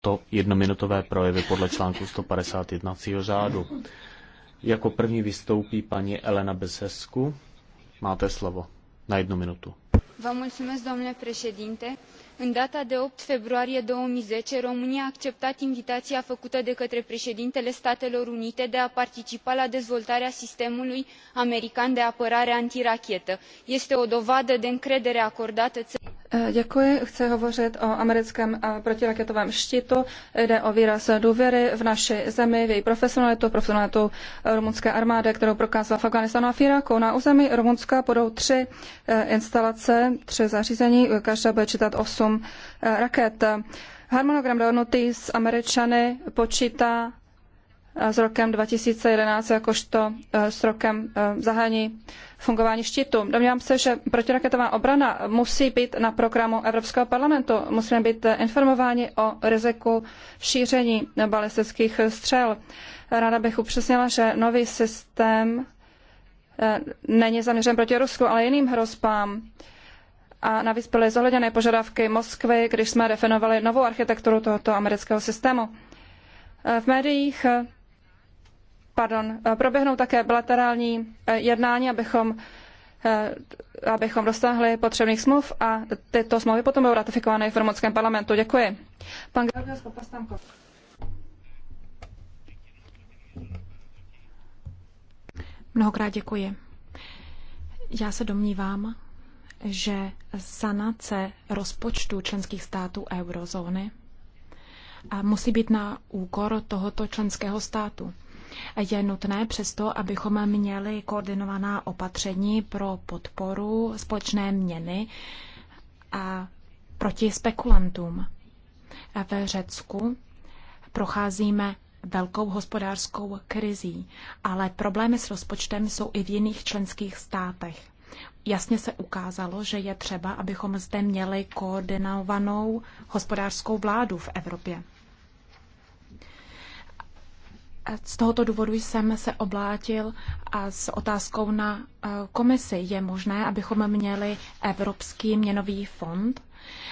to jednominutové projevy podle článku 151. jednacího řádu. Jako první vystoupí paní Elena Besesku. Máte slovo na jednu minutu. Vă mulțumesc, domnule președinte. În data de 8 februarie 2010, România a acceptat invitația făcută de către președintele Statelor Unite de a participa la dezvoltarea sistemului american de apărare antirachetă. Este o dovadă de încredere acordată țării Eh, děkuji. Chci hovořit o americkém eh, protiraketovém štítu. Jde o výraz důvěry v naši zemi, v její profesionalitu, profesionalitu eh, rumunské armády, kterou prokázala v Afganistánu a v Na území Rumunska budou tři instalace, tři zařízení, každá bude čítat osm raket. Harmonogram dohodnutý s Američany počítá s rokem 2011 jakožto e, s rokem e, zahájení fungování štítu. Domnívám se, že protiraketová obrana musí být na programu Evropského parlamentu. Musíme být informováni o riziku šíření balistických střel. Ráda bych upřesnila, že nový systém e, není zaměřen proti Rusku, ale jiným hrozbám. A navíc byly zohledněny požadavky Moskvy, když jsme definovali novou architekturu tohoto amerického systému. V médiích pardon, eh, proběhnou také bilaterální eh, jednání, abychom eh, abychom dosáhli potřebných smluv a tyto smlouvy potom budou ratifikovány v rumunském parlamentu. Děkuji. Pan Georgios Papastamko. Mnohokrát děkuji. Já se domnívám, že sanace rozpočtu členských států eurozóny musí být na úkor tohoto členského státu. Je nutné přesto, abychom měli koordinovaná opatření pro podporu společné měny a proti spekulantům. Ve Řecku procházíme velkou hospodářskou krizí, ale problémy s rozpočtem jsou i v jiných členských státech. Jasně se ukázalo, že je třeba, abychom zde měli koordinovanou hospodářskou vládu v Evropě. Z tohoto důvodu jsem se oblátil a s otázkou na eh, komisi. Je možné, abychom měli Evropský měnový fond?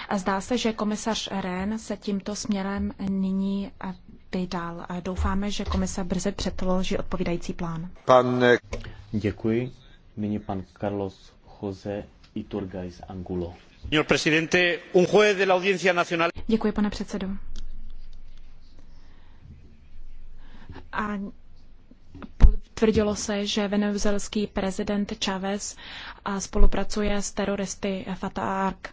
A zdá se, že komisař Rehn se tímto směrem nyní eh, vydal. Doufáme, že komise brzy předloží odpovídající plán. Pane... Eh, Děkuji. Nyní pan Carlos José Iturgaiz Angulo. Děkuji, pane předsedo. a potvrdilo se, že venezuelský prezident Chávez spolupracuje s teroristy Fatah Ark.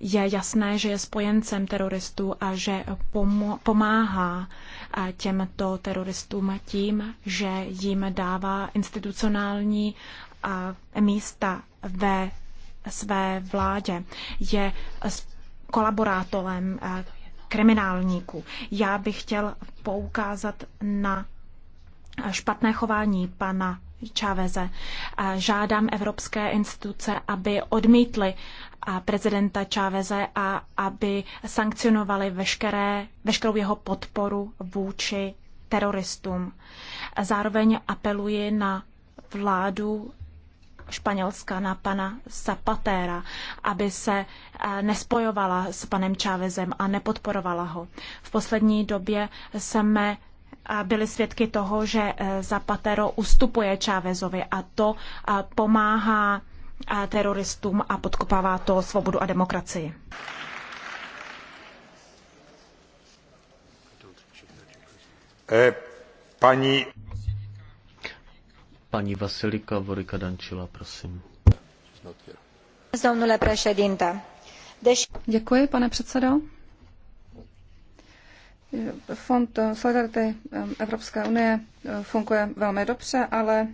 Je jasné, že je spojencem teroristů a že pomáhá těmto teroristům tím, že jim dává institucionální místa ve své vládě. Je kolaborátorem kriminálníků. Já bych chtěl poukázat na špatné chování pana Čáveze. Žádám evropské instituce, aby odmítly prezidenta Čáveze a aby sankcionovali veškeré, veškerou jeho podporu vůči teroristům. Zároveň apeluji na vládu Španělska na pana Zapatera, aby se eh, nespojovala s panem Chávezem a nepodporovala ho. V poslední době jsme eh, byli svědky toho, že eh, Zapatero ustupuje Chávezovi a to pomáhá teroristům a podkopává to svobodu a demokracii. Paní Paní Vasilika Vorika Dančila, prosím. Děkuji, pane předsedo. Fond Solidarity um, Evropské unie uh, funguje velmi dobře, ale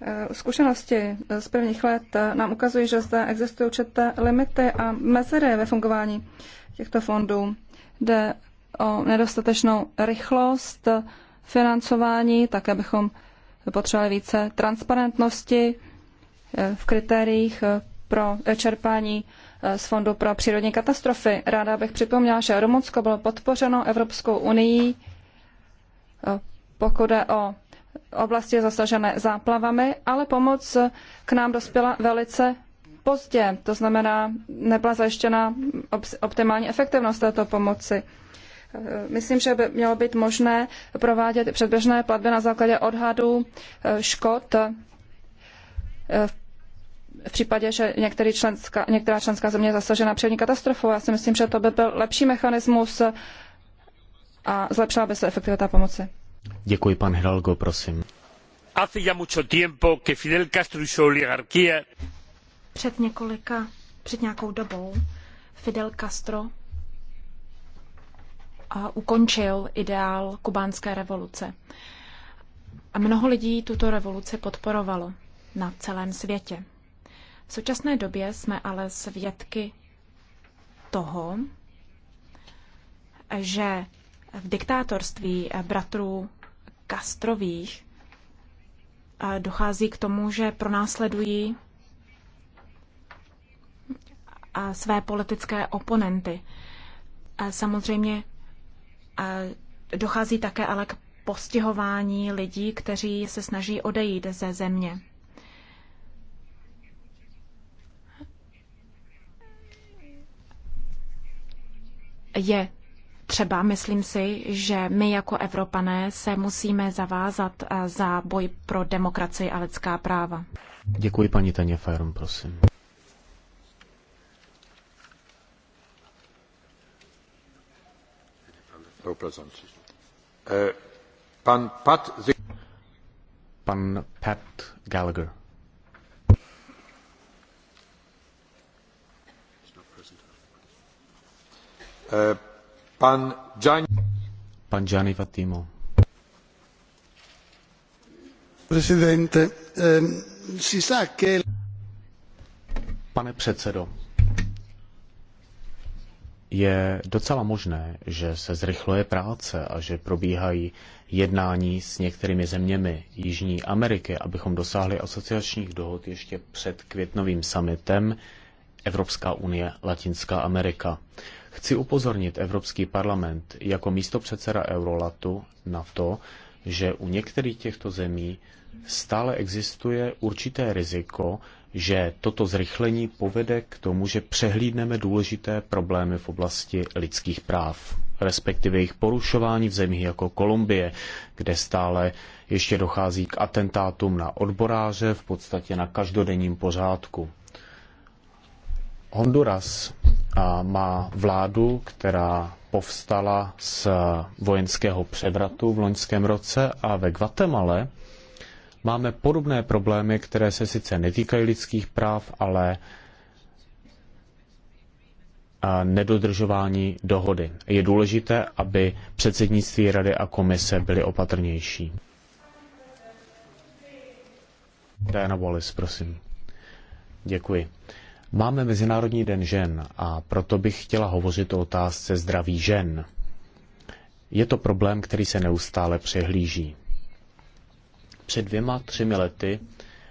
uh, Zkušenosti z prvních let uh, nám ukazují, že zde existují určité limity a mezery ve fungování těchto fondů. Jde o nedostatečnou rychlost, financování, také bychom potřebovali více transparentnosti eh, v kritériích eh, pro eh, čerpání z Fondu pro přírodní katastrofy. Ráda bych připomněla, že Rumunsko bylo podpořeno Evropskou unii, pokud je o oblasti zasažené záplavami, ale pomoc k nám dospěla velice pozdě. To znamená, nebyla zajištěna optimální efektivnost této pomoci. Eh, myslím, že by mělo být možné provádět předběžné platby na základě odhadu eh, škod eh, v případě, že některý členská, některá členská země je zasažena přírodní katastrofou. Já si myslím, že to by byl lepší mechanismus a zlepšila by se efektivita pomoci. Děkuji, pan Hidalgo, prosím. Hace ya mucho tiempo que Fidel Castro y oligarquía... Před několika, před nějakou dobou Fidel Castro ukončil ideál kubánské revoluce. A mnoho lidí tuto revoluci podporovalo na celém světě. V současné době jsme ale svědky toho, že v diktátorství bratrů Kastrových dochází k tomu, že pronásledují své politické oponenty. Samozřejmě dochází také ale k postihování lidí, kteří se snaží odejít ze země. Je třeba, myslím si, že my jako Evropané se musíme zavázat eh, za boj pro demokracii a lidská práva. Děkuji paní Taně Fajon, prosím. Eh, pan Pat, Gallagher. Eh, pan Gianni, Vattimo. Ehm, Pane předsedo, je docela možné, že se zrychluje práce a že probíhají jednání s některými zeměmi Jižní Ameriky, abychom dosáhli asociačních dohod ještě před květnovým summitem Evropská unie Latinská Amerika. Chci upozornit Evropský parlament jako místopředseda Eurolatu na to, že u některých těchto zemí stále existuje určité riziko, že toto zrychlení povede k tomu, že přehlídneme důležité problémy v oblasti lidských práv, respektive jejich porušování v zemích jako Kolumbie, kde stále ještě dochází k atentátům na odboráře, v podstatě na každodenním pořádku. Honduras má vládu, která povstala z vojenského převratu v loňském roce a ve Guatemala máme podobné problémy, které se sice netýkají lidských práv, ale nedodržování dohody. Je důležité, aby předsednictví Rady a komise byly opatrnější. Diana Wallis, prosím. Děkuji. Máme Mezinárodní den žen a proto bych chtěla hovořit o otázce zdraví žen. Je to problém, který se neustále přehlíží. Před dvěma, třemi lety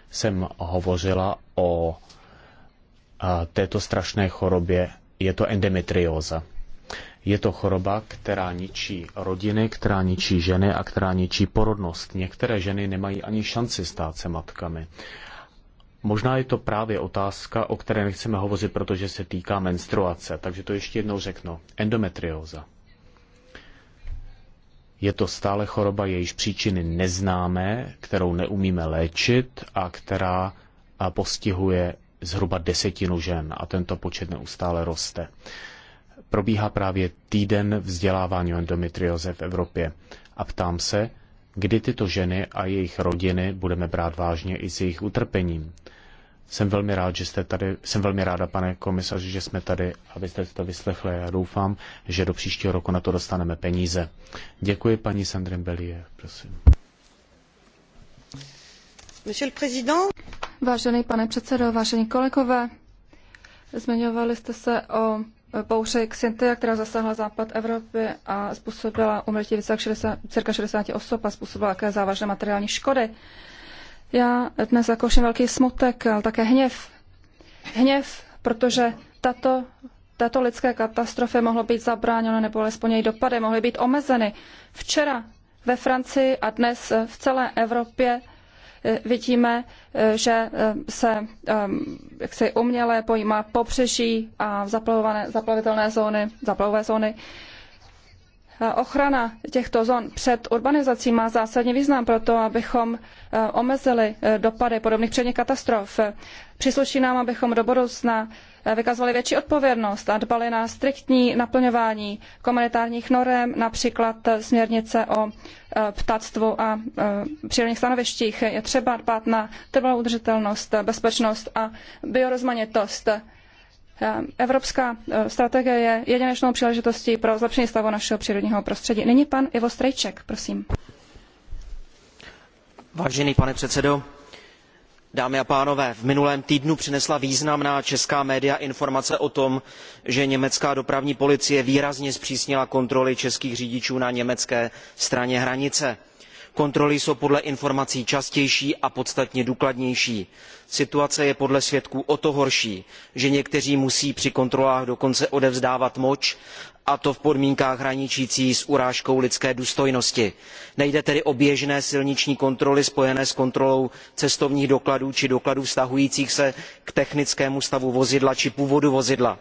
jsem hovořila o této strašné chorobě. Je to endometrióza. Je to choroba, která ničí rodiny, která ničí ženy a která ničí porodnost. Některé ženy nemají ani šanci stát se matkami. Možná je to právě otázka, o které nechceme hovořit, protože se týká menstruace. Takže to ještě jednou řeknu. Endometrióza. Je to stále choroba, jejíž příčiny neznáme, kterou neumíme léčit a která postihuje zhruba desetinu žen a tento počet neustále roste. Probíhá právě týden vzdělávání o endometrioze v Evropě a ptám se, kdy tyto ženy a jejich rodiny budeme brát vážně i s jejich utrpením. Jsem velmi rád, že jste tady, jsem velmi ráda, pane komisaři, že jsme tady, abyste to vyslechli. Já doufám, že do příštího roku na to dostaneme peníze. Děkuji, paní Sandrine Belie. prosím. Vážený pane předsedo, vážení kolegové, zmiňovali jste se o bouři Xintia, která zasáhla západ Evropy a způsobila umrtí více jak 60, cirka 60 osob a způsobila také závažné materiální škody. Já dnes zakouším velký smutek, ale také hněv. Hněv, protože tato, této lidské katastrofy mohlo být zabráněno, nebo alespoň její dopady mohly být omezeny. Včera ve Francii a dnes v celé Evropě eh, vidíme, eh, že eh, se ehm, jak se uměle pojímá pobřeží a zaplavované, zaplavitelné zóny, zaplavové zóny ochrana těchto zón před urbanizací má zásadní význam pro to, abychom e, omezili e, dopady podobných předních katastrof. Přísluší nám, abychom do budoucna e, vykazovali větší odpovědnost a dbali na striktní naplňování komunitárních norem, například směrnice o ptactvu a přírodních stanovištích. Je třeba dbát na trvalou udržitelnost, bezpečnost a biorozmanitost. Ehm, evropská eh, strategie je jedinečnou příležitostí pro zlepšení stavu našeho přírodního prostředí. Nyní pan Ivo Strejček, prosím. Vážený pane předsedo, dámy a pánové v minulém týdnu přinesla významná česká média informace o tom že německá dopravní policie výrazně zpřísnila kontroly českých řidičů na německé straně hranice kontroly jsou podle informací častější a podstatně důkladnější. situace je podle svědků o to horší že někteří musí při kontrolách dokonce odevzdávat moč a to v podmínkách hraničících s urážkou lidské důstojnosti. nejde tedy o běžné silniční kontroly spojené s kontrolou cestovních dokladů či dokladů vztahujících se k technickému stavu vozidla či původu vozidla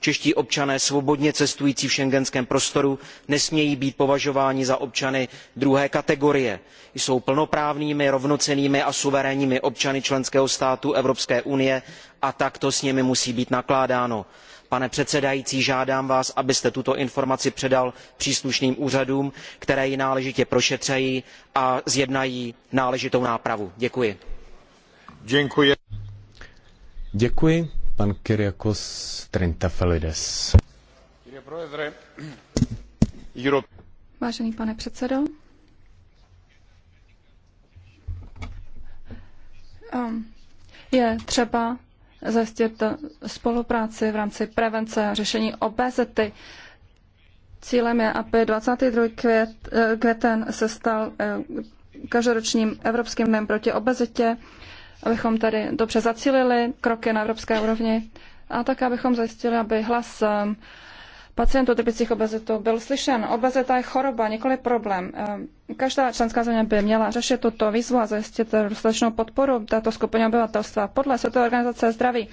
čeští občané svobodně cestující v schengenském prostoru nesmějí být považováni za občany druhé kategorie jsou plnoprávnými rovnocennými a suverénními občany členského státu evropské unie a takto s nimi musí být nakládáno. pane předsedající žádám vás abyste tuto informaci předal příslušným úřadům které ji náležitě prošetří a zjednají náležitou nápravu. děkuji. děkuji. děkuji. Pan Kyriakos Trintafelides. Vážený pane předsedo, ehm, je třeba zajistit spolupráci v rámci prevence a řešení obezity. Cílem je, aby 22. Květ, eh, květen se stal eh, každoročním Evropským dnem proti obezitě abychom tady dobře zacílili kroky na evropské úrovni a také abychom zajistili, aby hlas ehm, pacientů typických obezitu byl slyšen. Obezita je choroba, nikoli problém. Ehm, každá členská země by měla řešit tuto výzvu a zajistit dostatečnou podporu této skupině obyvatelstva. Podle Světové organizace zdraví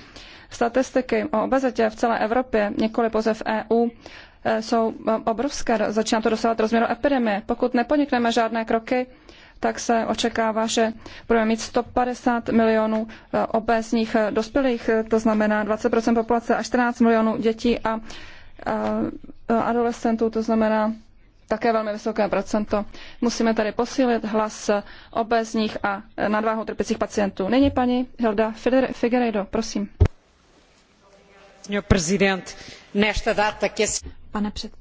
statistiky o obezitě v celé Evropě, nikoli pouze v EU, eh, jsou eh, obrovské. Začíná to dosahovat rozměru epidemie. Pokud nepodnikneme žádné kroky, tak se očekává, že budeme mít 150 milionů eh, obézních eh, dospělých, eh, to znamená 20 populace a 14 milionů dětí a adolescentů, to znamená také velmi vysoké procento. Musíme tady posílit hlas obézních a nadváhou trpěcích pacientů. Nyní paní Hilda Figueiredo, prosím. Pane, před...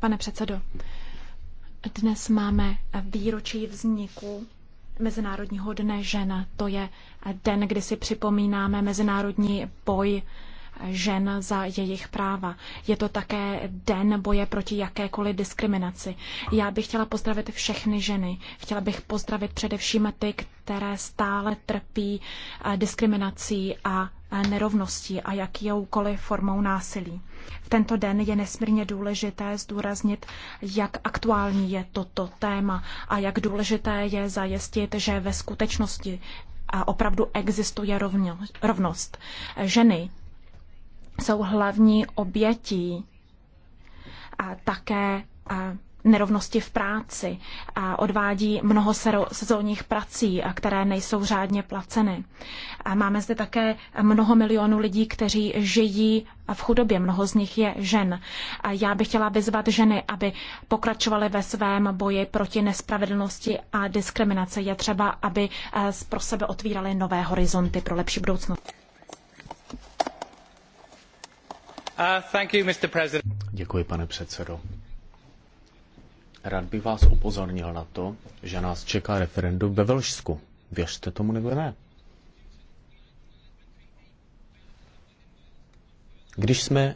Pane předsedo, dnes máme výročí vzniku Mezinárodního dne žen. To je den, kdy si připomínáme mezinárodní boj žen za jejich práva. Je to také den boje proti jakékoliv diskriminaci. Já bych chtěla pozdravit všechny ženy. Chtěla bych pozdravit především ty, které stále trpí eh, diskriminací a eh, nerovností a jakoukoliv formou násilí. V tento den je nesmírně důležité zdůraznit, jak aktuální je toto téma a jak důležité je zajistit, že ve skutečnosti a eh, opravdu existuje rovnost. Ženy jsou hlavní obětí a také a nerovnosti v práci a odvádí mnoho sezónních prací, a které nejsou řádně placeny. A máme zde také mnoho milionů lidí, kteří žijí v chudobě, mnoho z nich je žen. A já bych chtěla vyzvat ženy, aby pokračovaly ve svém boji proti nespravedlnosti a diskriminaci. Je třeba, aby pro sebe otvíraly nové horizonty pro lepší budoucnost. Uh, Děkuji, pane předsedající Rád bych vás upozornil na to, že nás čeká referendum ve Velšsku. Věřte tomu nebo ne. Když jsme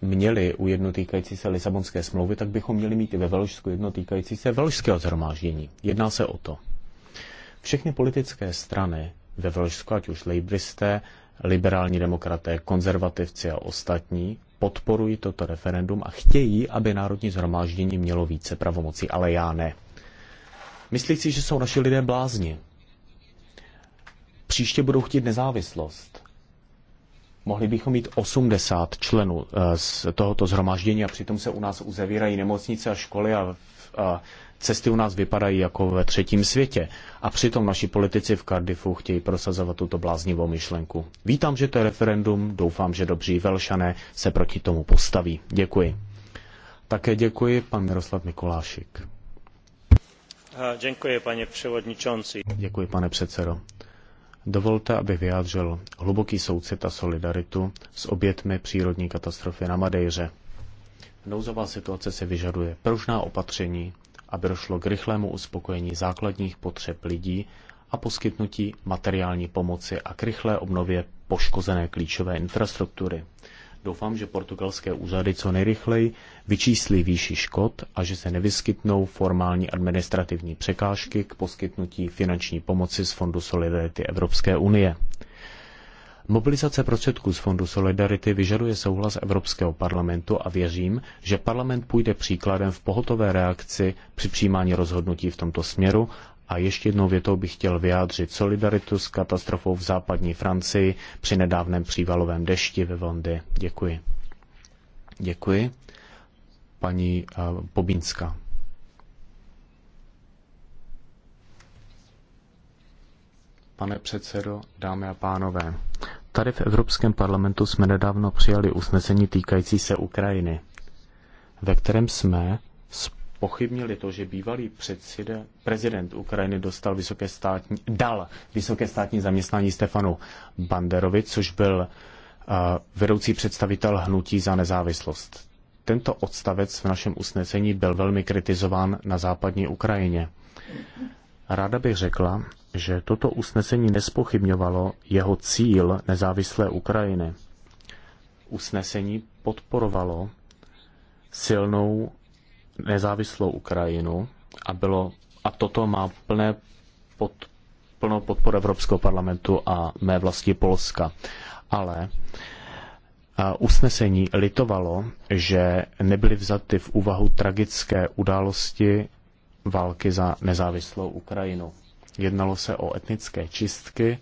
měli u jedno týkající se Lisabonské smlouvy, tak bychom měli mít i ve Velšsku jedno týkající se Velšského zhromáždění. Jedná se o to. Všechny politické strany ve Velšsku, ať už lejbristé, liberální demokraté, konzervativci a ostatní podporují toto referendum a chtějí, aby Národní zhromáždění mělo více pravomocí, ale já ne. Myslí si, že jsou naši lidé blázni. Příště budou chtít nezávislost. Mohli bychom mít 80 členů eh, z tohoto zhromáždění a přitom se u nás uzavírají nemocnice a školy a, a cesty u nás vypadají jako ve třetím světě. A přitom naši politici v Cardiffu chtějí prosazovat tuto bláznivou myšlenku. Vítám, že to je referendum, doufám, že dobří velšané se proti tomu postaví. Děkuji. Také děkuji, pan Miroslav Mikulášik. Děkuji, pane převodničonci. Děkuji, pane předsedo. Dovolte, aby vyjádřil hluboký soucit a solidaritu s obětmi přírodní katastrofy na Madejře. Nouzová situace se vyžaduje pružná opatření, aby došlo k rychlému uspokojení základních potřeb lidí a poskytnutí materiální pomoci a k rychlé obnově poškozené klíčové infrastruktury. Doufám, že portugalské úřady co nejrychleji vyčíslí výši škod a že se nevyskytnou formální administrativní překážky k poskytnutí finanční pomoci z Fondu Solidarity Evropské unie. Mobilizace prostředků z Fondu Solidarity vyžaduje souhlas Evropského parlamentu a věřím, že parlament půjde příkladem v pohotové reakci při přijímání rozhodnutí v tomto směru a ještě jednou větou bych chtěl vyjádřit solidaritu s katastrofou v západní Francii při nedávném přívalovém dešti ve Vondy. Děkuji. Děkuji. Paní eh, Pobínská. Pane předsedo, dámy a pánové, Tady v Evropském parlamentu jsme nedávno přijali usnesení týkající se Ukrajiny, ve kterém jsme pochybnili to, že bývalý předsede, prezident Ukrajiny dostal vysoké státní, dal vysoké státní zaměstnání Stefanu Banderovi, což byl uh, vedoucí představitel hnutí za nezávislost. Tento odstavec v našem usnesení byl velmi kritizován na západní Ukrajině. Ráda bych řekla, že toto usnesení nespochybňovalo jeho cíl nezávislé Ukrajiny. Usnesení podporovalo silnou nezávislou Ukrajinu a, bylo, a toto má plné pod, plnou podporu Evropského parlamentu a mé vlasti Polska. Ale usnesení litovalo, že nebyly vzaty v úvahu tragické události války za nezávislou Ukrajinu. Jednalo se o etnické čistky,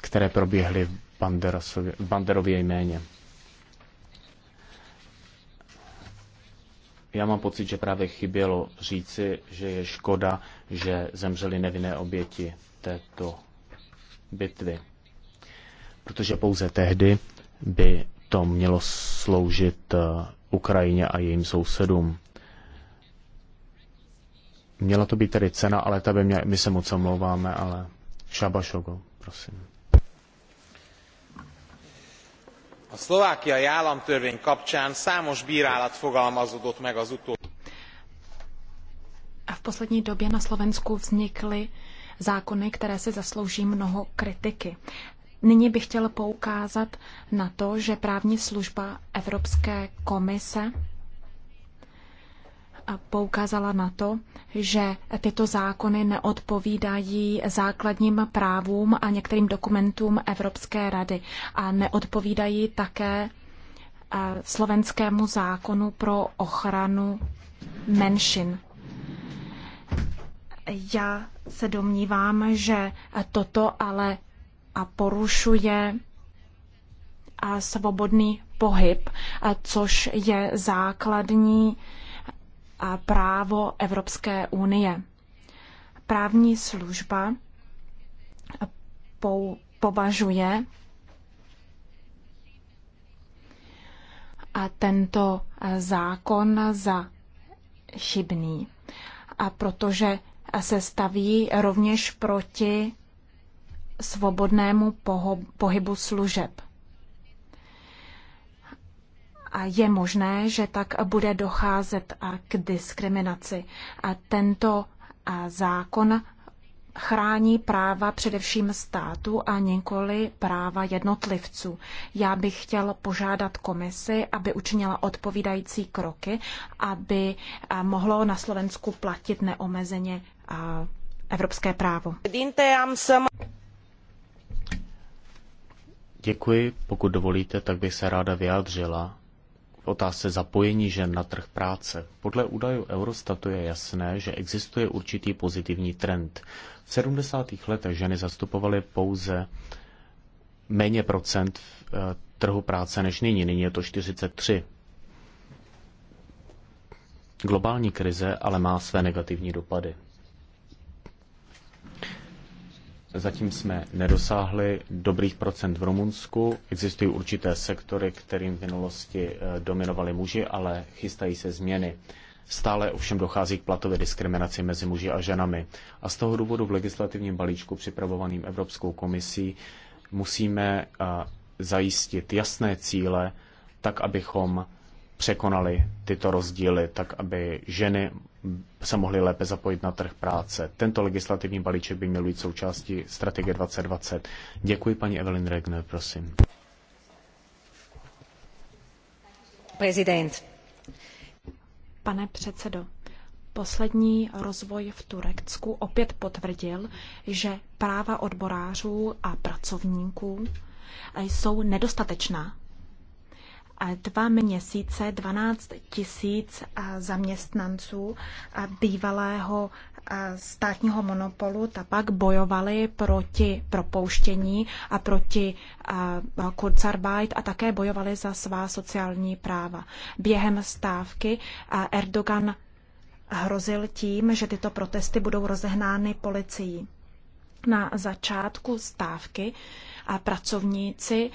které proběhly v, v Banderově jméně. Já mám pocit, že právě chybělo říci, že je škoda, že zemřeli nevinné oběti této bitvy. Protože pouze tehdy by to mělo sloužit eh, Ukrajině a jejím sousedům. Měla to být tedy cena, ale ta by mě, my se moc omlouváme, ale Šabašogo, prosím. A szlovákiai államtörvény kapcsán számos bírálat fogalmazódott meg az A V poslední době na Slovensku vznikly zákony, které se zaslouží mnoho kritiky. Nyní bych chtěl poukázat na to, že právní služba Evropské komise poukázala na to, že tyto zákony neodpovídají základním právům a některým dokumentům Evropské rady a neodpovídají také eh, slovenskému zákonu pro ochranu menšin. Já se domnívám, že toto ale a porušuje a eh, svobodný pohyb, eh, což je základní právo Evropské unie. Právní služba považuje a tento zákon za chybný, a protože se staví rovněž proti svobodnému pohybu služeb. A je možné, že tak bude docházet k diskriminaci. A Tento zákon chrání práva především státu a nikoli práva jednotlivců. Já bych chtěl požádat komisi, aby učinila odpovídající kroky, aby mohlo na Slovensku platit neomezeně evropské právo. Děkuji. Pokud dovolíte, tak bych se ráda vyjádřila v otázce zapojení žen na trh práce. Podle údajů Eurostatu je jasné, že existuje určitý pozitivní trend. V 70. letech ženy zastupovaly pouze méně procent v eh, trhu práce než nyní. Nyní je to 43. Globální krize ale má své negativní dopady. Zatím jsme nedosáhli dobrých procent v Rumunsku. Existují určité sektory, kterým v minulosti eh, dominovali muži, ale chystají se změny. Stále ovšem dochází k platové diskriminaci mezi muži a ženami. A z toho důvodu v legislativním balíčku připravovaným Evropskou komisí musíme eh, zajistit jasné cíle, tak abychom překonali tyto rozdíly, tak aby ženy se mohly lépe zapojit na trh práce. Tento legislativní balíček by měl být součástí strategie 2020. Děkuji paní Evelyn Regner, prosím. Prezident. Pane předsedo, poslední rozvoj v Turecku opět potvrdil, že práva odborářů a pracovníků jsou nedostatečná dva měsíce 12 tisíc zaměstnanců bývalého státního monopolu tabak bojovali proti propouštění a proti Kurzarbeit a také bojovali za svá sociální práva. Během stávky Erdogan hrozil tím, že tyto protesty budou rozehnány policií. Na začátku stávky pracovníci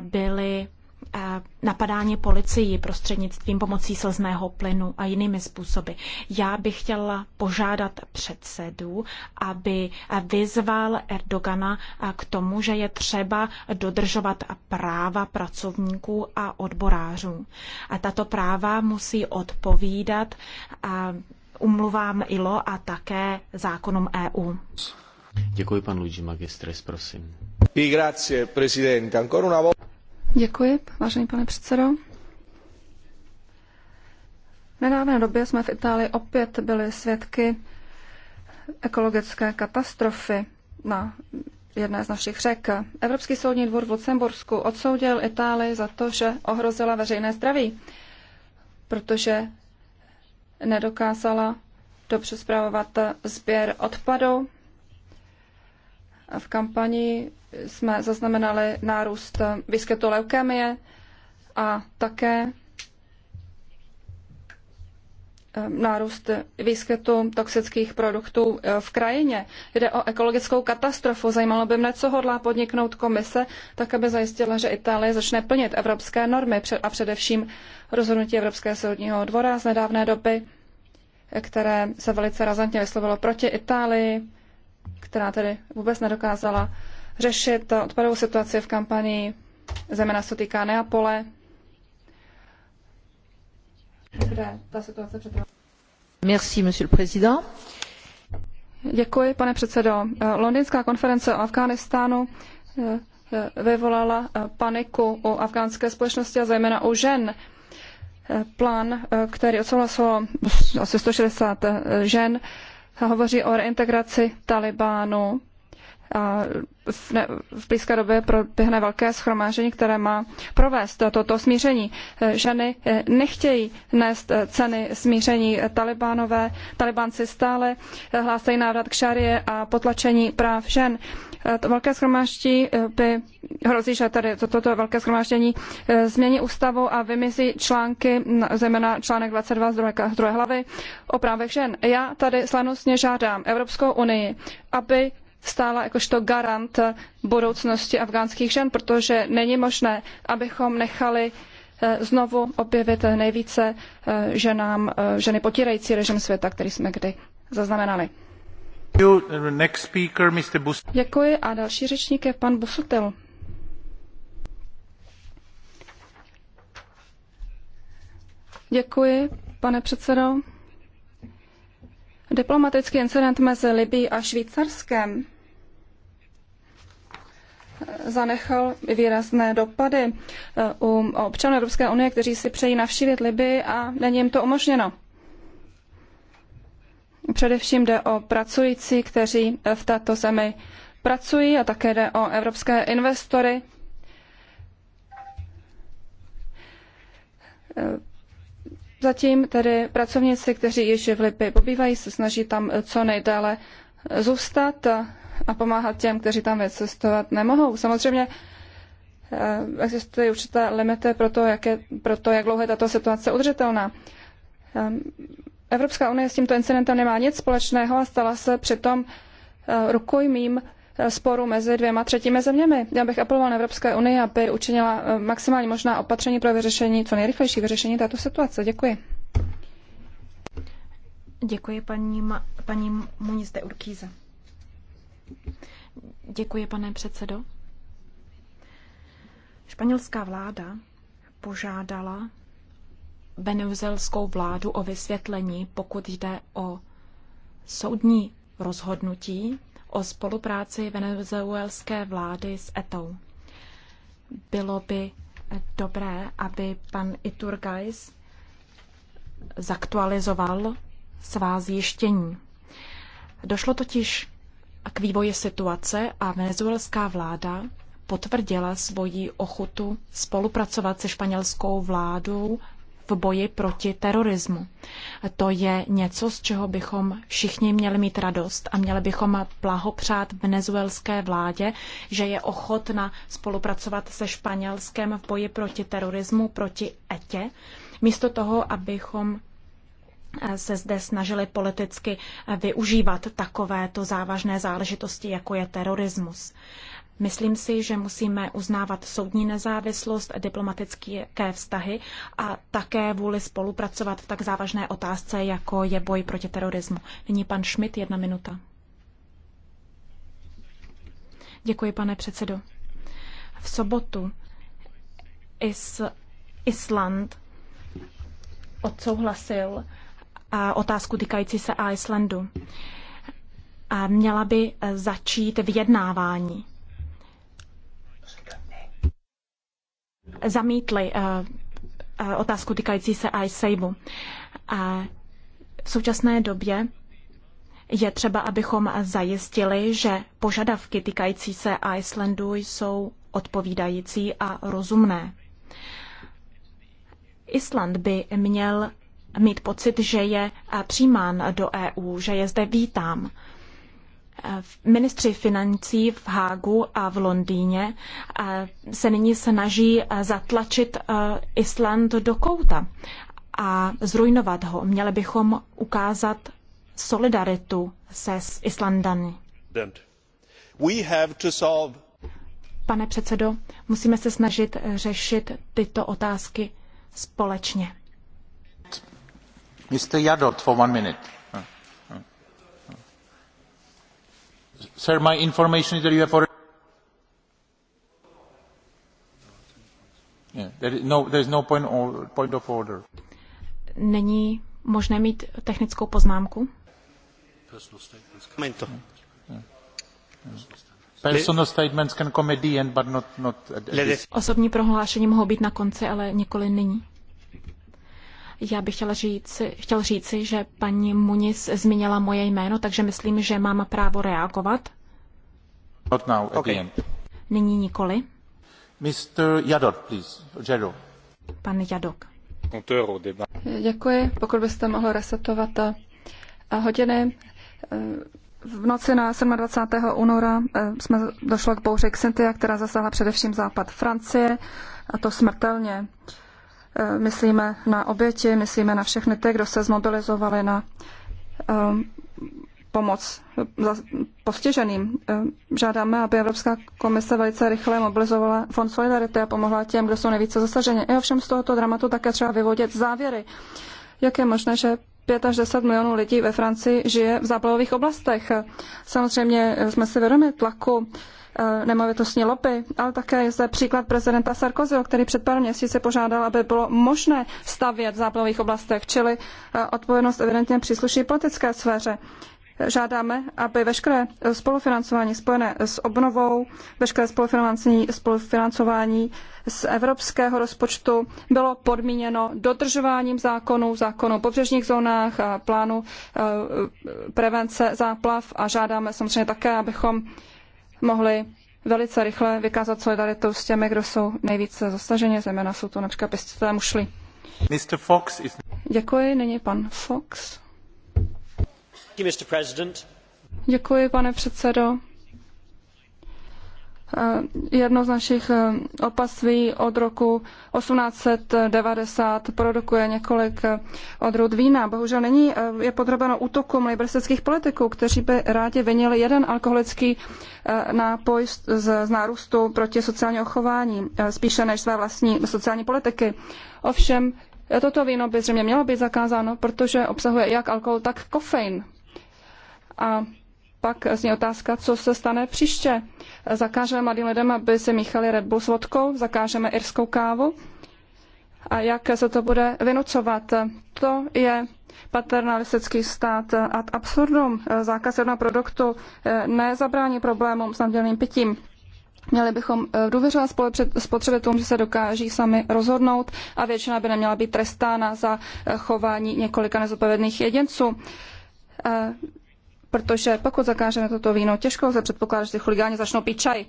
byli Eh, napadání policií prostřednictvím pomocí slzného plynu a jinými způsoby. Já bych chtěla požádat předsedu, aby eh, vyzval Erdogana eh, k tomu, že je třeba dodržovat práva pracovníků a odborářů. A tato práva musí odpovídat umluvám ILO a také zákonům EU. Děkuji, pan Luigi prosím. Grazie, presidente. Ancora una volta. Děkuji, vážený pane předsedo. V nedávné době jsme v Itálii opět byli svědky ekologické katastrofy na jedné z našich řek. Evropský soudní dvůr v Lucembursku odsoudil Itálii za to, že ohrozila veřejné zdraví, protože nedokázala dobře zpravovat sběr odpadu. V kampani jsme zaznamenali nárůst výskytu leukémie a také eh, nárůst výskytu toxických produktů eh, v krajině. Jde o ekologickou katastrofu. Zajímalo by mne, co hodlá podniknout komise, tak aby zajistila, že Itálie začne plnit evropské normy a především rozhodnutí Evropského soudního dvora z nedávné doby, které se velice razantně vyslovilo proti Itálii, která tedy vůbec nedokázala řešit odpadovou situaci v kampani, zejména se týká Neapole, kde ta situace přetrvá. Merci, monsieur le président. Děkuji, pane předsedo. Londýnská konference o Afghánistánu eh, eh, vyvolala eh, paniku u afgánské společnosti a zejména u žen. Plán, který odsouhlasilo asi 160 žen, hovoří o reintegraci Talibánu v, ne, v blízké době proběhne velké schromáždění, které má provést toto to smíření. Eh, ženy eh, nechtějí nést eh, ceny smíření talibánové. Talibánci stále hlásají návrat k šarie a potlačení práv žen. To velké schromáždění by hrozí, že tady toto to, velké schromáždění změní ústavu a vymizí články, zejména článek 22 z druhé, z druhé hlavy o právech žen. Já tady slavnostně žádám Evropskou unii, aby stála jakožto garant budoucnosti afgánských žen, protože není možné, abychom nechali eh, znovu objevit nejvíce eh, ženám, eh, ženy potírající režim světa, který jsme kdy zaznamenali. Děkuji a další řečník je pan Busutil. Děkuji, pane předsedo. Diplomatický incident mezi Libí a Švýcarskem zanechal výrazné dopady eh, u občanů Evropské unie, kteří si přejí navštívit liby, a není jim to umožněno. Především jde o pracující, kteří v této zemi pracují a také jde o evropské investory. Eh, zatím tedy pracovníci, kteří již v Libii pobývají, se snaží tam co nejdéle zůstat a pomáhat těm, kteří tam vycestovat nemohou. Samozřejmě eh, existují určité limity pro to, jak, je, pro to, jak dlouho je tato situace udržitelná. Eh, Evropská unie s tímto incidentem nemá nic společného a stala se přitom eh, rukojmím sporu mezi dvěma třetími zeměmi. Já bych apeloval na Evropské unii, aby učinila maximálně možná opatření pro vyřešení, co nejrychlejší vyřešení této situace. Děkuji. Děkuji paní, paní Munizde Urkýze. Děkuji, pane předsedo. Španělská vláda požádala venezuelskou vládu o vysvětlení, pokud jde o soudní rozhodnutí o spolupráci venezuelské vlády s ETOU. Bylo by dobré, aby pan Iturgais zaktualizoval svá zjištění. Došlo totiž k vývoji situace a venezuelská vláda potvrdila svoji ochotu spolupracovat se španělskou vládou v boji proti terorismu. To je něco, z čeho bychom všichni měli mít radost a měli bychom blahopřát venezuelské vládě, že je ochotna spolupracovat se Španělskem v boji proti terorismu, proti ETě, místo toho, abychom se zde snažili politicky využívat takovéto závažné záležitosti, jako je terorismus. Myslím si, že musíme uznávat soudní nezávislost, diplomatické vztahy a také vůli spolupracovat v tak závažné otázce, jako je boj proti terorismu. Nyní pan Schmidt, jedna minuta. Děkuji, pane předsedo. V sobotu Is- Island odsouhlasil otázku týkající se Islandu. Měla by eh, začít vyjednávání. Zamítli eh, eh, otázku týkající se A V současné době je třeba, abychom zajistili, že požadavky týkající se Icelandu jsou odpovídající a rozumné. Island by měl mít pocit, že je eh, přijímán do EU, že je zde vítám. Eh, ministři financí v Hágu a v Londýně eh, se nyní snaží zatlačit Island do kouta a zrujnovat ho. Měli bychom ukázat solidaritu se s Islandany. Pane předsedo, musíme se snažit řešit tyto otázky společně. Mr. Jadot for one minute. Uh, uh, uh. Sir, my information is that you have already... Yeah, no, no Není možné mít technickou poznámku? Momento. Osobní prohlášení mohou být na konci, ale nikoli nyní. Já bych chtěla říct, chtěl říci, že paní Muniz zmínila moje jméno, takže myslím, že mám právo reagovat. Not now, okay. Nyní nikoli. Mr. Jadot, please. Jadot. Pan Jadok. Děkuji. Pokud byste mohl resetovat a eh, hodiny. Eh, v noci na 27. února eh, jsme došlo k bouři Xintia, která zasáhla především západ Francie, a to smrtelně. Eh, myslíme na oběti, myslíme na všechny ty, kdo se zmobilizovali na ehm, pomoc postiženým. Ehm, žádáme, aby Evropská komise velice rychle mobilizovala Fond Solidarity a pomohla těm, kdo jsou nejvíce zasaženi. I ovšem z tohoto dramatu také třeba vyvodit závěry. Jak je možné, že 5 až 10 milionů lidí ve Francii žije v záplavových oblastech. Samozřejmě jsme si vědomi tlaku eh, nemovitostní lopy, ale také je zde příklad prezidenta Sarkozyho, který před pár měsíci požádal, aby bylo možné stavět v záplavových oblastech, čili eh, odpovědnost evidentně přísluší politické sféře žádáme, aby veškeré spolufinancování spojené s obnovou, veškeré spolufinancování, spolufinancování z evropského rozpočtu bylo podmíněno dodržováním zákonů, zákonů o pobřežních zónách a plánu eh, prevence záplav a žádáme samozřejmě také, abychom mohli velice rychle vykázat solidaritu s těmi, kdo jsou nejvíce zasaženi, zejména jsou to například pěstitelé mušli. Mr. Fox is... Děkuji, nyní pan Fox. Děkuji, pane předsedající. Eh, jedno z našich eh, opatství od roku 1890 produkuje několik eh, odrůd vína. Bohužel nyní je podrobeno útokům liberalistických politiků, kteří by rádi vinili jeden alkoholický nápoj z, nárůstu proti sociálního chování, spíše než své vlastní sociální politiky. Ovšem, toto víno by zřejmě mělo být zakázáno, protože obsahuje jak alkohol, tak kofein. A pak zní otázka, co se stane příště. Zakážeme mladým lidem, aby si míchali Red Bull s vodkou, zakážeme irskou kávu. A jak se to bude vynucovat? To je paternalistický stát ad absurdum. Zákaz jednoho produktu eh, nezabrání problémům s nadělným pitím. Měli bychom eh, důvěřovat spotřebitelům, že se dokáží sami rozhodnout a většina by neměla být trestána za eh, chování několika nezodpovědných jedinců protože pokud zakážeme toto víno, těžko se předpokládá, že ty chuligáni začnou pít čaj.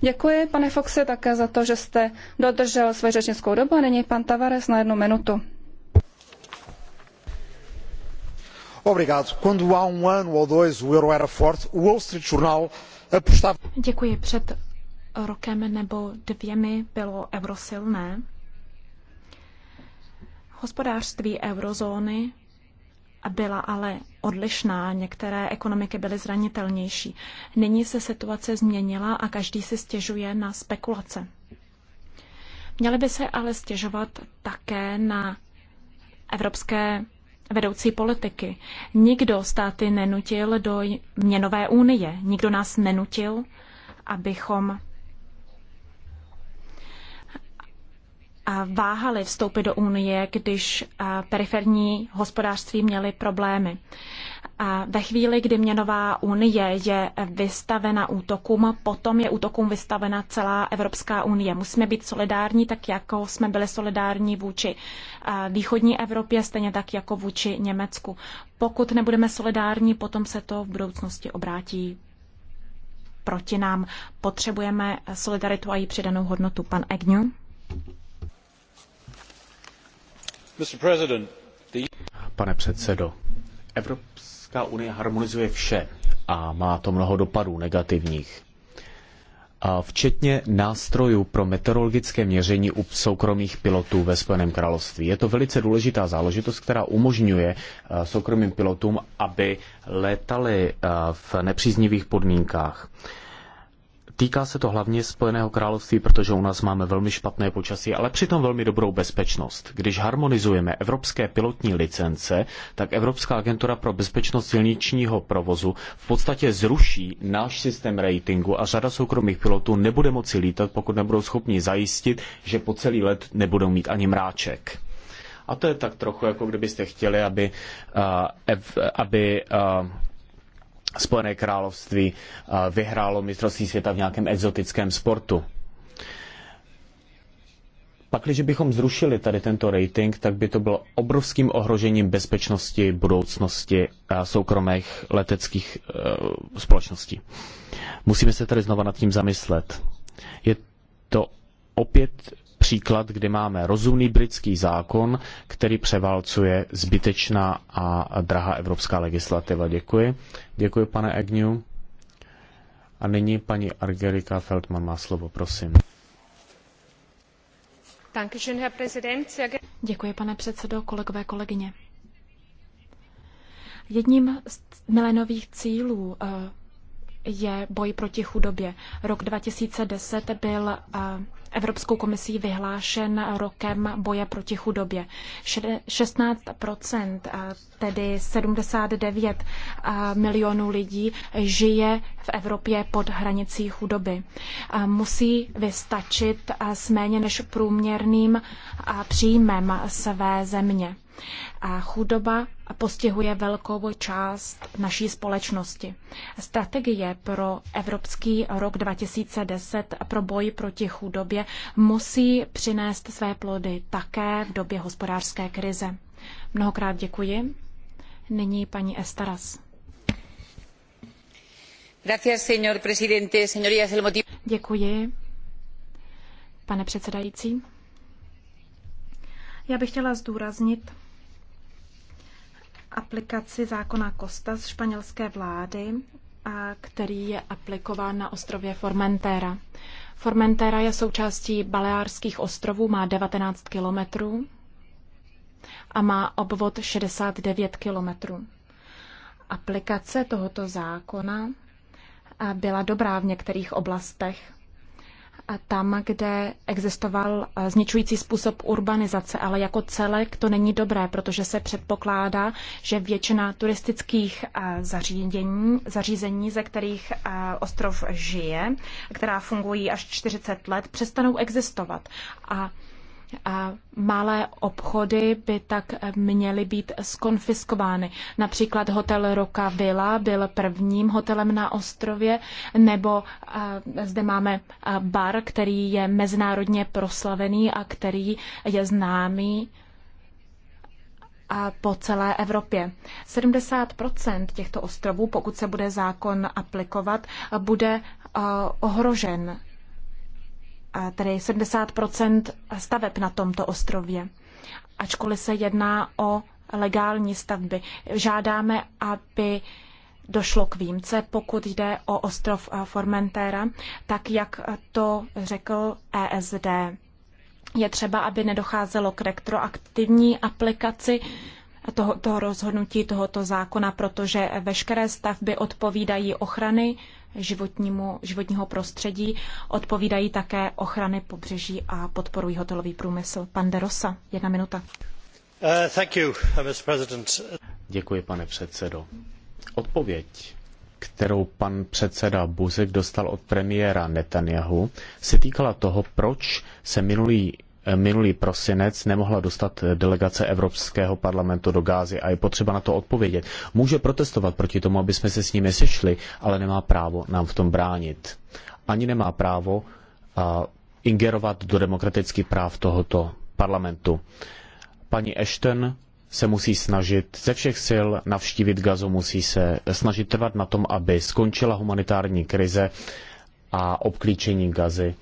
Děkuji, pane Foxe, také za to, že jste dodržel své řečnickou dobu a nyní pan Tavares na jednu minutu. Um Děkuji. Před rokem nebo dvěmi bylo euro silné. Hospodářství eurozóny byla ale odlišná, některé ekonomiky byly zranitelnější. Nyní se situace změnila a každý si stěžuje na spekulace. Měly by se ale stěžovat také na evropské vedoucí politiky. Nikdo státy nenutil do měnové unie, nikdo nás nenutil, abychom váhali vstoupit do Unie, když periferní hospodářství měly problémy. A ve chvíli, kdy měnová unie je vystavena útokům, potom je útokům vystavena celá Evropská unie. Musíme být solidární, tak jako jsme byli solidární vůči východní Evropě, stejně tak jako vůči Německu. Pokud nebudeme solidární, potom se to v budoucnosti obrátí proti nám. Potřebujeme solidaritu a její přidanou hodnotu. Pan Egňu? Pane předsedající, Evropská unie harmonizuje vše a má to mnoho dopadů negativních. včetně nástrojů pro meteorologické měření u soukromých pilotů ve Spojeném království. Je to velice důležitá záležitost, která umožňuje eh, soukromým pilotům, aby létali eh, v nepříznivých podmínkách. Týká se to hlavně Spojeného království, protože u nás máme velmi špatné počasí, ale přitom velmi dobrou bezpečnost. Když harmonizujeme evropské pilotní licence, tak Evropská agentura pro bezpečnost silničního provozu v podstatě zruší náš systém ratingu a řada soukromých pilotů nebude moci lítat, pokud nebudou schopni zajistit, že po celý let nebudou mít ani mráček. A to je tak trochu, jako kdybyste chtěli, aby, uh, ev, aby uh, Spojené království eh, vyhrálo mistrovství světa v nějakém exotickém sportu. Pakliže bychom zrušili tady tento rating, tak by to bylo obrovským ohrožením bezpečnosti, budoucnosti a eh, soukromých leteckých uh, společností. Musíme se tady znova nad tím zamyslet. Je to opět příklad, kdy máme rozumný britský zákon, který převálcuje zbytečná a drahá evropská legislativa. Děkuji. Děkuji, pane Agnew. A nyní paní Argerika Feldman má slovo, prosím. Děkuji, pane předsedo, kolegové, kolegyně. Jedním z milenových cílů eh, je boj proti chudobě. Rok 2010 byl eh, Evropskou komisí vyhlášen rokem boje proti chudobě. 16 tedy 79 milionů lidí, žije v Evropě pod hranicí chudoby. Musí vystačit s méně než průměrným příjmem své země. A chudoba postihuje velkou část naší společnosti. Strategie pro Evropský rok 2010 pro boj proti chudobě musí přinést své plody také v době hospodářské krize. Mnohokrát děkuji. Nyní paní Estaras. Děkuji, pane předsedající. Já bych chtěla zdůraznit, aplikaci zákona Costa z španělské vlády, který je aplikován na ostrově Formentera. Formentera je součástí Baleárských ostrovů, má 19 kilometrů a má obvod 69 kilometrů. Aplikace tohoto zákona byla dobrá v některých oblastech tam, kde existoval eh, zničující způsob urbanizace, ale jako celek to není dobré, protože se předpokládá, že většina turistických eh, zařízení, zařízení ze kterých eh, ostrov žije, která fungují až 40 let, přestanou existovat. A malé obchody by tak měly být skonfiskovány. Například hotel Roka Villa byl prvním hotelem na ostrově, nebo zde máme bar, který je mezinárodně proslavený a který je známý a po celé Evropě. 70 těchto ostrovů, pokud se bude zákon aplikovat, bude ohrožen tedy 70 staveb na tomto ostrově. Ačkoliv se jedná o legální stavby. Žádáme, aby došlo k výjimce, pokud jde o ostrov eh, Formentera, tak jak to řekl ESD. Je třeba, aby nedocházelo k retroaktivní aplikaci toho, toho rozhodnutí tohoto zákona, protože veškeré stavby odpovídají ochrany životnímu, životního prostředí, odpovídají také ochrany pobřeží a podporují hotelový průmysl. Pan De Rosa, jedna minuta. Uh, thank you, uh, Mr. Děkuji, pane předsedo. Odpověď, kterou pan předseda Buzek dostal od premiéra Netanyahu, se týkala toho, proč se minulý minulý prosinec nemohla dostat delegace Evropského parlamentu do Gázy a je potřeba na to odpovědět. Může protestovat proti tomu, aby jsme se s nimi sešli, ale nemá právo nám v tom bránit. Ani nemá právo ingerovat do demokratických práv tohoto parlamentu. Paní Ashton se musí snažit ze všech sil navštívit Gazu, musí se snažit trvat na tom, aby skončila humanitární krize a obklíčení Gazy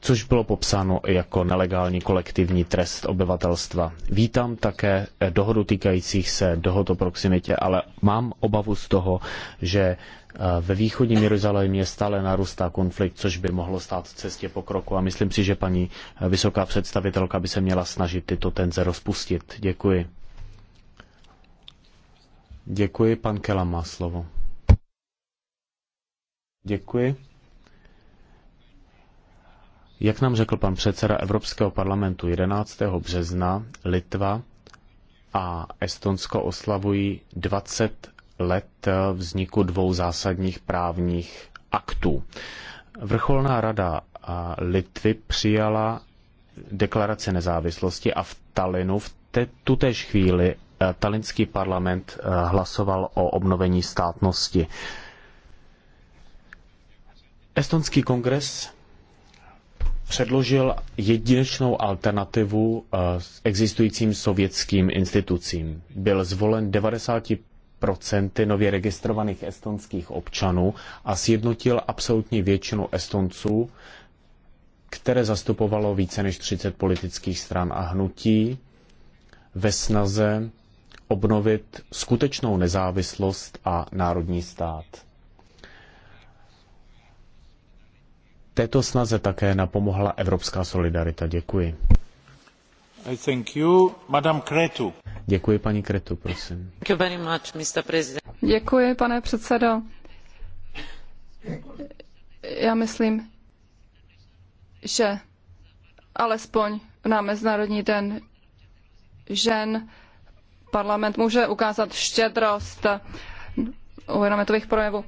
což bylo popsáno jako nelegální kolektivní trest obyvatelstva. Vítám také eh, dohodu týkajících se dohod o proximitě, ale mám obavu z toho, že eh, ve východním Jeruzalémě stále narůstá konflikt, což by mohlo stát v cestě pokroku a myslím si, že paní eh, vysoká představitelka by se měla snažit tyto tenze rozpustit. Děkuji. Děkuji, pan Kela má slovo. Děkuji. Jak nám řekl pan předseda Evropského parlamentu 11. března, Litva a Estonsko oslavují 20 let vzniku dvou zásadních právních aktů. Vrcholná rada Litvy přijala deklaraci nezávislosti a v Talinu v te, tutéž chvíli eh, talinský parlament eh, hlasoval o obnovení státnosti. Estonský kongres předložil jedinečnou alternativu eh, s existujícím sovětským institucím. Byl zvolen 90% nově registrovaných estonských občanů a sjednotil absolutní většinu Estonců, které zastupovalo více než 30 politických stran a hnutí ve snaze obnovit skutečnou nezávislost a národní stát. této snaze také napomohla evropská solidarita. Děkuji. I thank you. Kretu. Děkuji, paní Kretu, prosím. Thank you very much, Mr. Děkuji, pane předsedo. Já myslím, že alespoň na Mezinárodní den žen parlament může ukázat štědrost u jednometových projevů.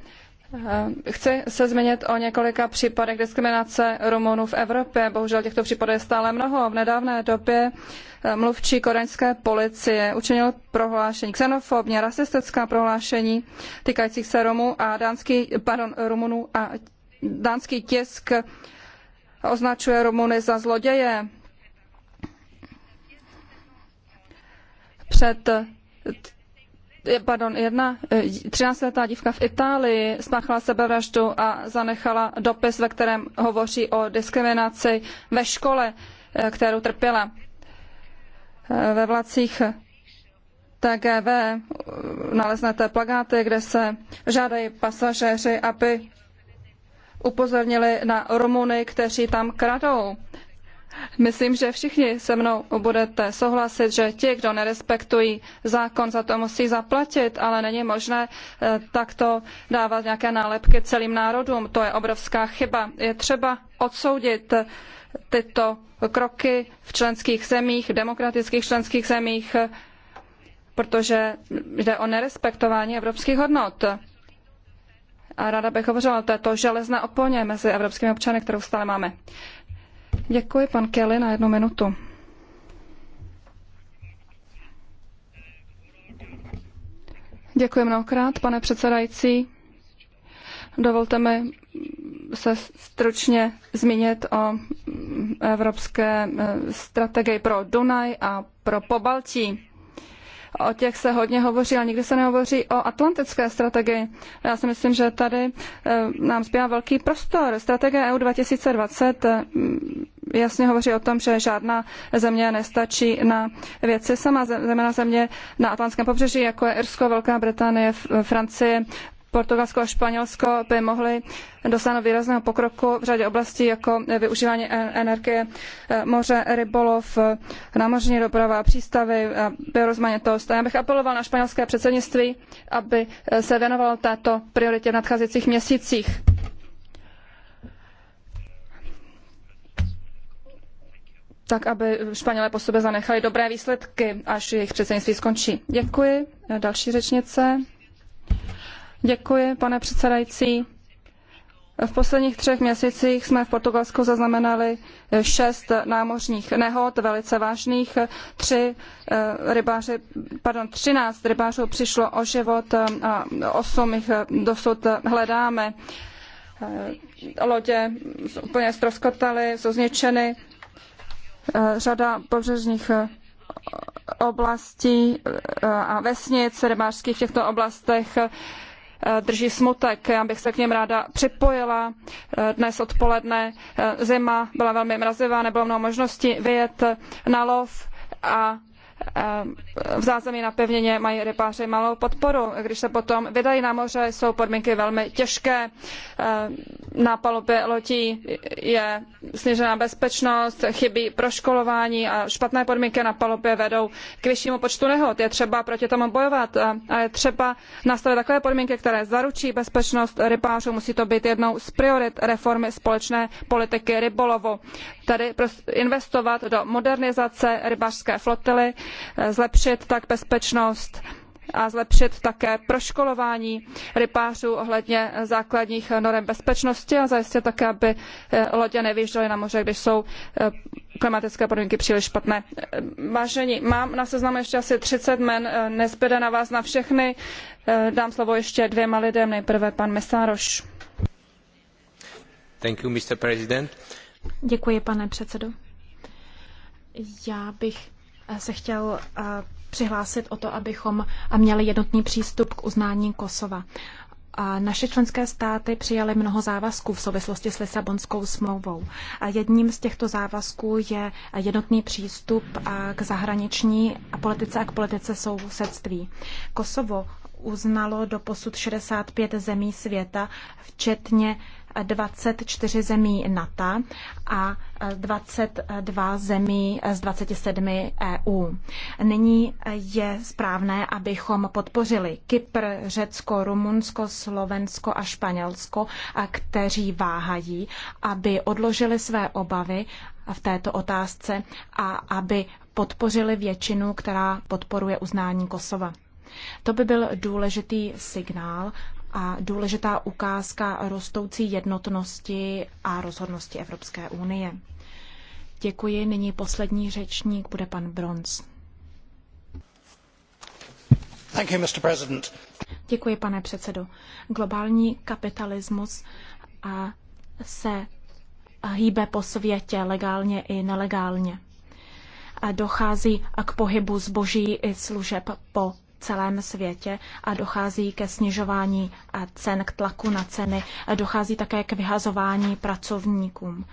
Eh, chci se zmínit o několika případech diskriminace Rumunů v Evropě. Bohužel těchto případů je stále mnoho. V nedávné době eh, mluvčí koreňské policie učinil prohlášení, xenofobně, rasistická prohlášení týkajících se Romů a dánský, pardon, Rumunů a dánský tisk označuje Rumuny za zloděje. Před pardon, jedna eh, Třináctiletá dívka v Itálii spáchala sebevraždu a zanechala dopis, ve kterém hovoří o diskriminaci ve škole, eh, kterou trpěla. Eh, ve vlacích TGV naleznete plagáty, kde se žádají pasažéři, aby upozornili na Rumuny, kteří tam kradou. Myslím, že všichni se mnou budete souhlasit, že ti, kdo nerespektují zákon, za to musí zaplatit, ale není možné eh, takto dávat nějaké nálepky celým národům. To je obrovská chyba. Je třeba odsoudit eh, tyto kroky v členských zemích, v demokratických členských zemích, eh, protože jde o nerespektování evropských hodnot. A ráda bych hovořila o této železné oponě mezi evropskými občany, kterou stále máme. Děkuji, pan Kelly, na jednu minutu. Děkuji mnohokrát, pane předsedající. Dovolte mi se stručně zmínit o evropské eh, strategii pro Dunaj a pro Pobaltí o těch se hodně hovoří, ale nikdy se nehovoří o atlantické strategii. Já si myslím, že tady eh, nám zbývá velký prostor. Strategie EU 2020 eh, jasně hovoří o tom, že žádná země nestačí na věci sama, zejména země na Atlantském pobřeží, jako je Irsko, Velká Británie, Francie, Portugalsko a Španělsko by mohly dosáhnout výrazného pokroku v řadě oblastí, jako využívání energie, eh, moře, rybolov, eh, námořní doprava a přístavy a biorozmanitost. já bych apeloval na španělské předsednictví, aby eh, se věnovalo této prioritě v nadcházejících měsících. tak aby Španělé po sobě zanechali dobré výsledky, až jejich předsednictví skončí. Děkuji. Další řečnice. Děkuji, pane předsedající. V posledních třech měsících jsme v Portugalsku zaznamenali šest námořních nehod, velice vážných. Tři eh, rybáři, pardon, třináct rybářů přišlo o život eh, a osm jich eh, dosud hledáme. Lodě úplně ztroskotaly, jsou zničeny. Řada pobřežních oblastí a vesnic rybářských v těchto oblastech Eh, drží smutek. Já bych se k něm ráda připojila. Eh, dnes odpoledne eh, zima byla velmi mrazivá, nebylo mnoho možností vyjet na lov a v zázemí na pevnině mají rybáři malou podporu. Když se potom vydají na moře, jsou podmínky velmi těžké. Eh, na palubě lodí je snížená bezpečnost, chybí proškolování a špatné podmínky na palubě vedou k vyššímu počtu nehod. Je třeba proti tomu bojovat a je třeba nastavit takové podmínky, které zaručí bezpečnost rybářů. Musí to být jednou z priorit reformy společné politiky rybolovu. Tedy investovat do modernizace rybářské flotily, eh, zlepšit tak bezpečnost a zlepšit také proškolování rybářů ohledně základních norem bezpečnosti a zajistit také, aby eh, lodě nevyjížděly na moře, když jsou eh, klimatické podmínky příliš špatné. Vážení, mám na seznamu ještě asi 30 men, nezbude na vás na všechny. Dám slovo ještě dvěma lidem, nejprve pan Mesároš. Děkuji, pane předsedo. Já bych eh, se chtěl eh, přihlásit o to, abychom eh, měli jednotný přístup k uznání Kosova. A naše členské státy přijaly mnoho závazků v souvislosti s Lisabonskou smlouvou. A jedním z těchto závazků je jednotný přístup k zahraniční politice a k politice sousedství. Kosovo uznalo do posud 65 zemí světa, včetně 24 zemí NATO a 22 e, zemí z 27 EU. Nyní je správné, abychom podpořili Kypr, Řecko, Rumunsko, Slovensko a Španělsko, kteří váhají, aby odložili své obavy v této otázce a aby podpořili většinu, která podporuje uznání Kosova. To by byl důležitý signál a důležitá ukázka rostoucí jednotnosti a rozhodnosti Evropské unie. Děkuji. Nyní poslední řečník bude pan Bronz. Thank you, Mr. President. Děkuji, pane předsedo. Globální kapitalismus a se hýbe po světě legálně i nelegálně. A dochází k pohybu zboží i služeb po celém světě a dochází ke snižování cen, k tlaku na ceny, dochází také k vyhazování pracovníkům.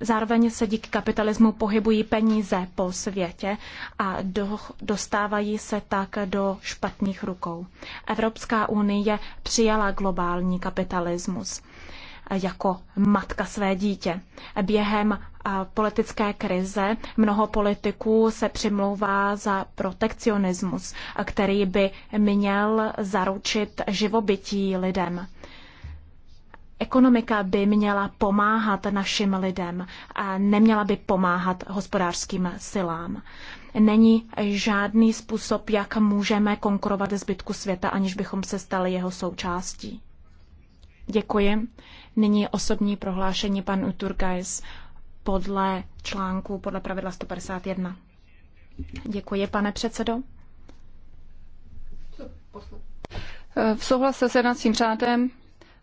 Zároveň se díky kapitalismu pohybují peníze po světě a do, dostávají se tak do špatných rukou. Evropská unie přijala globální kapitalismus jako matka své dítě. Během politické krize mnoho politiků se přimlouvá za protekcionismus, který by měl zaručit živobytí lidem. Ekonomika by měla pomáhat našim lidem a neměla by pomáhat hospodářským silám. Není žádný způsob, jak můžeme konkurovat zbytku světa, aniž bychom se stali jeho součástí. Děkuji. Nyní osobní prohlášení pan Uturgais podle článku, podle pravidla 151. Děkuji, pane předsedo. V souhlase s jednacím řádem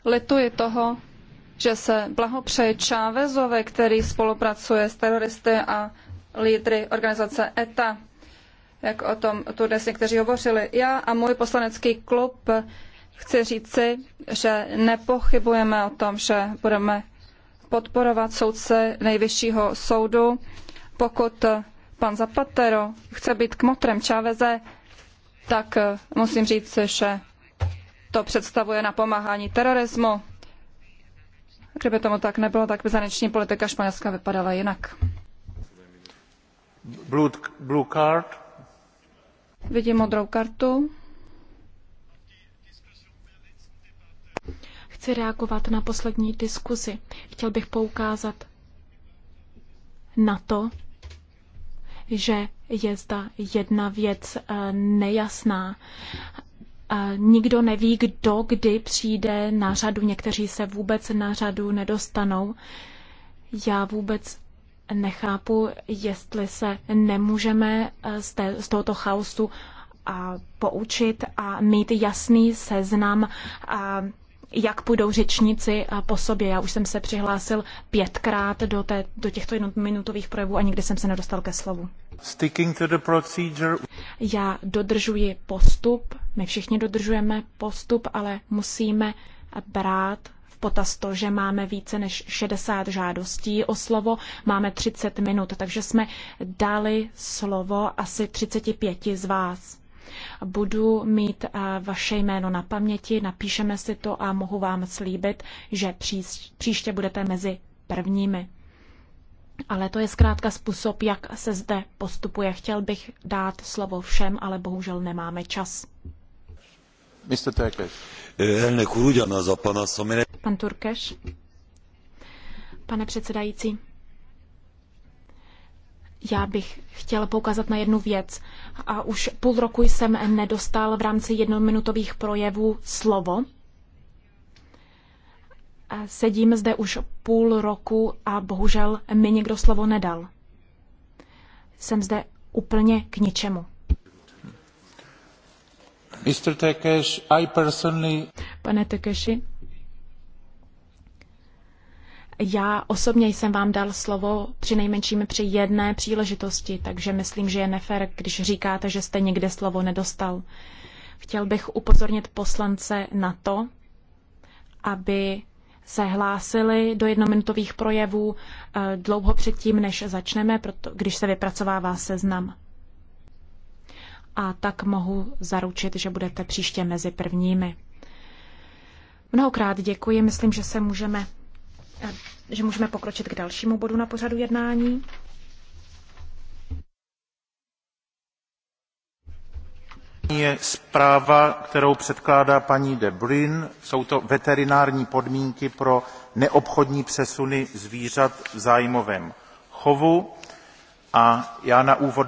lituji toho, že se blahopřeje Čávezové, který spolupracuje s teroristy a lídry organizace ETA, jak o tom tu dnes někteří hovořili. Já a můj poslanecký klub chci říci, že nepochybujeme o tom, že budeme podporovat soudce nejvyššího soudu, pokud pan Zapatero chce být kmotrem Čáveze, tak musím říct, že to představuje napomáhání terorismu. Kdyby tomu tak nebylo, tak by zaneční politika Španělska vypadala jinak. Blue, blue card. Vidím modrou kartu. Chci reagovat na poslední diskuzi. Chtěl bych poukázat na to, že je zda jedna věc eh, nejasná. Eh, nikdo neví, kdo kdy přijde na řadu. Někteří se vůbec na řadu nedostanou. Já vůbec nechápu, jestli se nemůžeme eh, z, té, z tohoto chaosu a poučit a mít jasný seznam a jak půjdou řečníci eh, po sobě. Já už jsem se přihlásil pětkrát do, té, do těchto minutových projevů a nikdy jsem se nedostal ke slovu. Sticking to the procedure. Já dodržuji postup, my všichni dodržujeme postup, ale musíme brát v potaz to, že máme více než 60 žádostí o slovo, máme 30 minut, takže jsme dali slovo asi 35 z vás. Budu mít eh, vaše jméno na paměti, napíšeme si to a mohu vám slíbit, že příště budete mezi prvními. Ale to je zkrátka způsob, jak se zde postupuje. Chtěl bych dát slovo všem, ale bohužel nemáme čas. Eh, Pan Turkeš. Pane předsedající, já bych chtěla poukázat na jednu věc. A už půl roku jsem nedostal v rámci jednominutových projevů slovo. A sedím zde už půl roku a bohužel mi někdo slovo nedal. Jsem zde úplně k ničemu. Mr. Tekeš, I personally... Pane Tekeši, já osobně jsem vám dal slovo při nejmenším při jedné příležitosti, takže myslím, že je nefér, když říkáte, že jste někde slovo nedostal. Chtěl bych upozornit poslance na to, aby se hlásili do jednominutových projevů eh, dlouho předtím, než začneme, proto, když se vypracovává seznam. A tak mohu zaručit, že budete příště mezi prvními. Mnohokrát děkuji, myslím, že se můžeme Eh, že můžeme pokročit k dalšímu bodu na pořadu jednání. Je zpráva, kterou předkládá paní De Bruin. Jsou to veterinární podmínky pro neobchodní přesuny zvířat v zájmovém chovu. A já na úvod